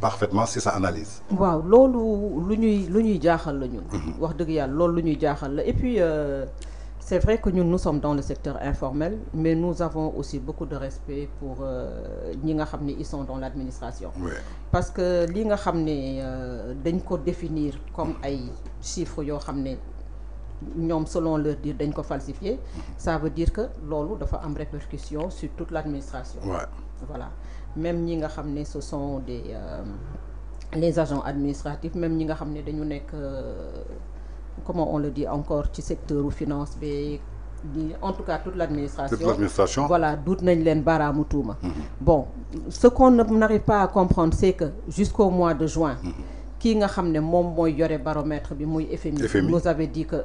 parfaitement c'est sa analyse. waaw loolu lu ñuy lu ñuy mhm. wax et puis euh, c'est vrai que nous sommes dans le secteur informel mais nous avons aussi beaucoup de respect pour euh, ñi nga ils sont dans l'administration. parce que li nga xam ne euh, dañ ko définir comme ay chiffres yoo xam selon leur dire dañ ko falsifié ça veut dire que doit dafa une répercussion sur toute l'administration voilà même ñi nga ce sont des euh, les agents administratifs même ñi nga xam euh, comment on le dit encore ci secteur ou finance en tout cas toute l'administration voilà pas nañ leen baaraamu mm-hmm. bon ce qu'on n'arrive pas à comprendre c'est que jusqu'au mois de juin qui mm-hmm. nga xam mon baromètre bi FMI nous avait dit que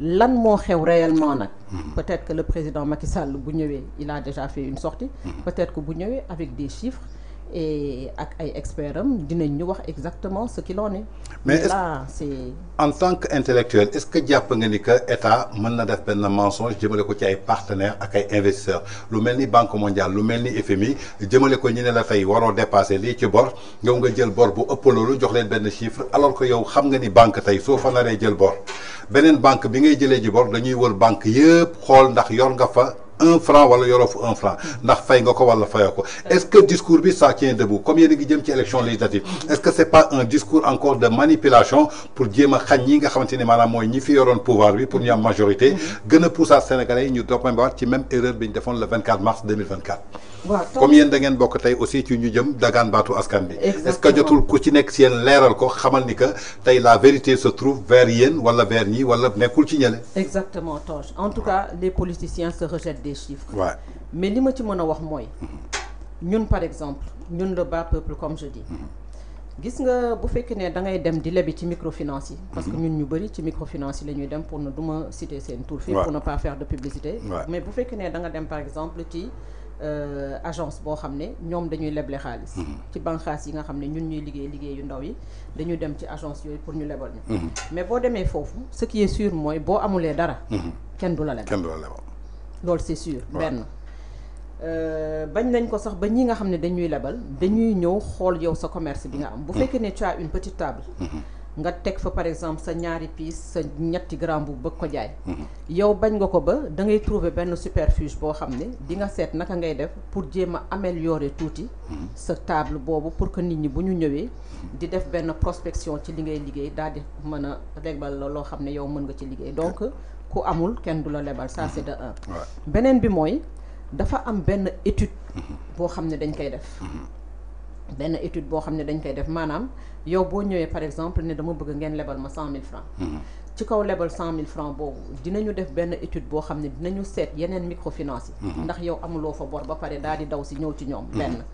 lan mo réellement mhm. peut-être que le président Macky Sall bu il a déjà fait une sortie mhm. peut-être que bu avec des chiffres et ak ay experts dinañ ñu wax exactement ce qu'il en est. mais là c'est en tant qu'intellectuel, est-ce que japp nga ni que état mën na def ben mensonge jëmele ko ci ay partenaires ak ay investisseurs lu melni banque mondiale lu melni FMI jëmele ko ñi ne la fay waro dépasser li ci bor yow nga jël bor bu ëpp lolu jox leen ben chiffre alors que yow xam nga ni banque tay so fa naree jël bor benen banque bi ngay jëlé ji bor dañuy wër banque yépp xol ndax yor nga fa un franc wala yoroo fu un franc ndax fay nga ko wala fayako est-ce que discours bi ça tient debout comme yene a ngi jëm ci élection législative est-ce que c'est pas un discours encore de manipulation pour djema xagn yi nga xamanteni ni moy ñi fi yoron pouvoir bi pour ñu am majorité mm-hmm. gën poussa Sénégalais ñu ñu ba ci même erreur de défendre le 24 mars 2024. comme yene da ngeen bok tay aussi ci ñu jëm dagan batu askan bi. est-ce que jotul ku ci nek si yéen leeral ko xamal ni que tay la vérité se trouve vers yene wala vers ñi wala nekul ci ñële. exactement toge en tout cas les politiciens se rejettent des chiffres. Ouais. mais li ma ci mën a wax mooy. ñun par exemple ñun le bas peuple comme je dis. gis nga bu fekkee ne da ngay dem di lebi ci microfinance parce que ñun ñu bëri ci microfinance yi la ñuy dem pour ne du ma citer seen tour fii. pour ne pas faire de publicité. Ouais. mais bu fekkee ne da nga dem par exemple ci. Euh, agence boo xam ne ñoom dañuy leble xaalis mm-hmm. ci banqaas yi nga xamné ñun ñuy liggéey liggéey yu ndaw yi dañuy dem ci agence yoy pour ñu lebal ñu mm-hmm. mais bo démé fofu ce qui est sûr moy bo amulé dara mm-hmm. kenn du la lebal loolu c'est sûr benn euh, Bagn nañ ko sax ba ñi nga xamné dañuy label, dañuy ñëw xol yow sa commerce bi nga am bu mm-hmm. fekkee né tu as une petite table mm-hmm. nga tek fa par exemple sa ñaari piis sa ñetti gramme bu bëgg ko jaay mm-hmm. yow bagn nga ko ba da ngay trouver ben superfuge boo xam ne di nga seet naka ngay def pour jéem améliorer touti sa table bobu pour que nit ñi bu ñu ñëwé di def ben prospection ci li ngay liggéey daal di mën a réglal loo xam ne yow mën nga ci liggéey donc ku amul kenn du la lebal ça c'est de un beneen bi mooy dafa am benn étude bo xamne dañ koy def benn étude boo xam dañ koy def maanaam yow bo ñëwé par exemple ne dama bëgg ngeen lebal ma 100000 francs ci kaw lebal 100000 francs boobu dinañu def ben étude bo xamne dinañu set yenen microfinance ndax yow amuloo fa bor ba pare daal di daw ci ñëw ci ñom ben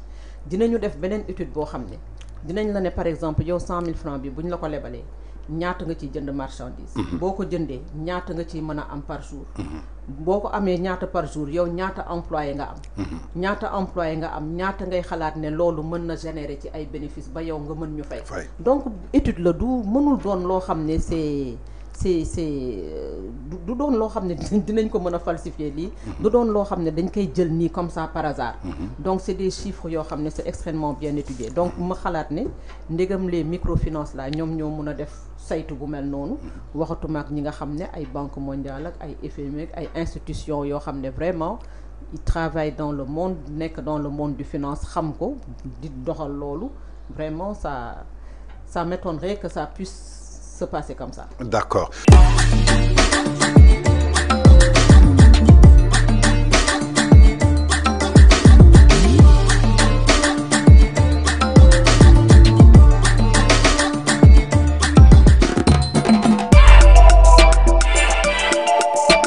dinañu def benen étude bo xamne dinañ la ne par exemple yow 100000 francs bi buñ la ko lebalé ñaata nga ciy jënd marchandise. Mhm. boo ko jëndee ñaata nga ciy mën a am par jour. Mhm. boo ko amee ñaata par jour yow ñaata yi nga am. Mhm. ñaata employé nga am ñaata ngay xalaat ne loolu mën na générer ci ay bénéfice ba yow nga mën ñu fay. donc étude la du mënul doon loo xam ne c'est c'est c'est du don lo xamné ne dinañ ko mën a falsifier li mhm. du don lo xamné ne dañ koy jël ni comme ça par hasard mhm. donc c'est des chiffres yo xamné c'est extrêmement bien étudié donc ma xalat né ndégam les microfinances là ñom ñoo mun a def saytu bu mel noonu mhm. waxatuma ak ñi nga xamné ay banque mondiale ak ay FMI e ak ay institutions yo xamné vraiment ils travaillent dans le monde nek dans le monde du finance xam ko di doxal lolu vraiment ça ça m'étonnerait que ça puisse se passer comme ça. D'accord.